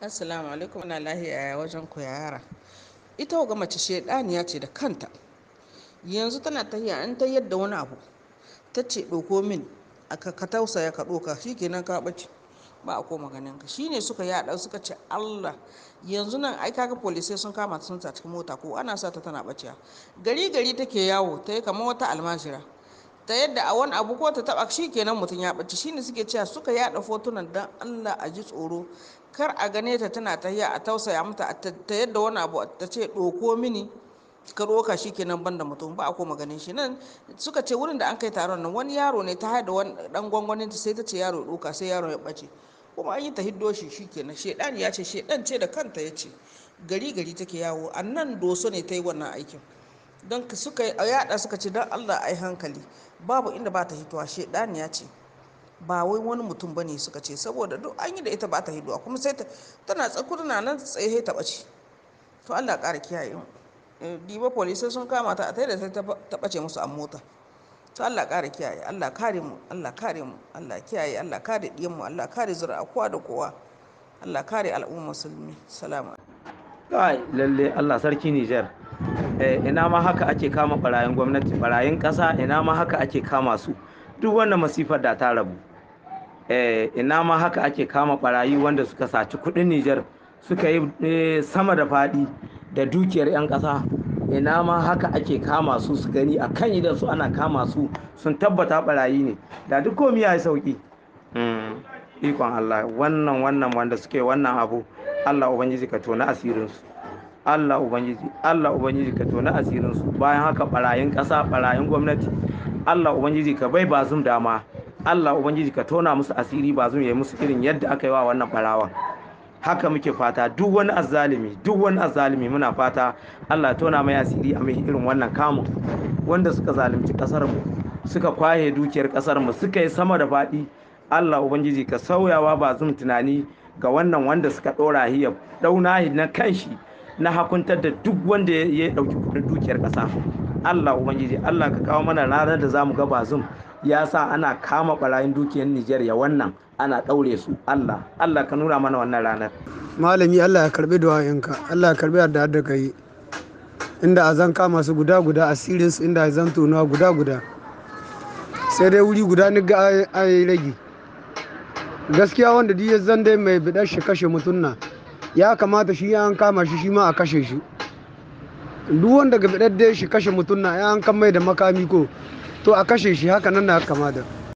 Assalamu alaikum ana lahiya wajen ku yara. Ita ga mace shedaniya ce da kanta. Yanzu tana ta yi an ta yadda wani abu. Ta ce ɗauko min aka ka tausaya ka ɗoka shi kenan ka ɓace. Ba a koma ganin ka shi ne suka yaɗa suka ce Allah yanzu nan ai kaga polisai sun kama ta sun sa cikin mota ko ana sa ta tana ɓacewa. Gari gari take yawo ta yi kamar wata almajira. ta yadda a wani abu ko ta taɓa shi kenan mutum ya ɓace ne suke cewa suka yaɗa fotunan dan Allah a ji tsoro kar a gane ta tana tahiya a tausaya mata ta yadda wani abu ta ce ɗoko mini ka roka shi kenan banda mutum ba a koma ganin shi nan suka ce wurin da an kai taron nan wani yaro ne ta haɗa wani dan gwangwanin ta sai ta ce yaro ɗoka sai yaro ya ɓace kuma an yi ta hiddo shi shi kenan shedan ya ce shedan ce da kanta ya ce gari gari take yawo a nan doso ne ta yi wannan aikin don suka yada suka ce don allah ai hankali babu inda ba ta hitowa ya ce ba wai wani mutum bane suka ce saboda duk an yi da ita ba ta hidu a kuma sai ta tana tsakurna nan tsaye ta ɓace to Allah ƙara kiyaye mu eh, diba polisai sun kama ta a tai da ta ɓace musu a mota to Allah ƙara kiyaye Allah kare mu Allah kare mu Allah kiyaye Allah kare diyan mu Allah kare a kowa da kowa Allah kare al'ummar musulmi salamu kai lalle Allah sarki Niger eh, ina ma haka ake kama barayin gwamnati barayin ƙasa ina ma haka ake kama su duk wannan masifar da ta rabu Eh, ina ma haka ake kama barayi wanda suka saci kudin Nijar suka yi eh, sama da faɗi da dukiyar 'yan ƙasa ina ma haka ake kama su su gani a kan idan su ana kama su sun tabbata barayi ne da duk komi ya yi sauƙi hmm, ikon Allah wannan wannan wanda suke wannan abu Allah Ubangiji ka tona asirinsu Allah Ubangiji Allah Ubangiji ka tona asirinsu bayan haka barayin ƙasa barayin gwamnati Allah Ubangiji ka bai bazum dama Allah ubangiji ka tona musu asiri ba zum ya musu irin yadda aka yi wa wannan barawan haka muke fata duk wani azzalimi duk wani azzalimi muna fata Allah tona mai asiri a mai irin wannan kamun wanda suka zalunci kasar suka kwahe dukiyar kasar mu suka yi sama da faɗi Allah ubangiji ka sauyawa ba zum tunani ga wannan wanda suka ɗora hiyar dauna na kanshi na hakuntar da duk wanda ya ɗauki kudin dukiyar kasa Allah ubangiji Allah ka kawo mana ranar da zamu ga bazum ya sa ana kama barayin dukiyar Nijar ya wannan ana ɗaure su Allah Allah ka nura mana wannan ranar malami Allah ya karbi duwayenka Allah ya karbi da da kai inda a zan kama su guda guda asirin su inda a zan tonuwa guda guda sai dai wuri guda ni ga yi rage gaskiya wanda duk zan dai mai bidar shi kashe mutum na ya kamata shi an kama shi shi ma a kashe shi duk wanda ga bidar dai shi kashe mutum na ya an kan mai da makami ko to a kashe shi haka nan na kama da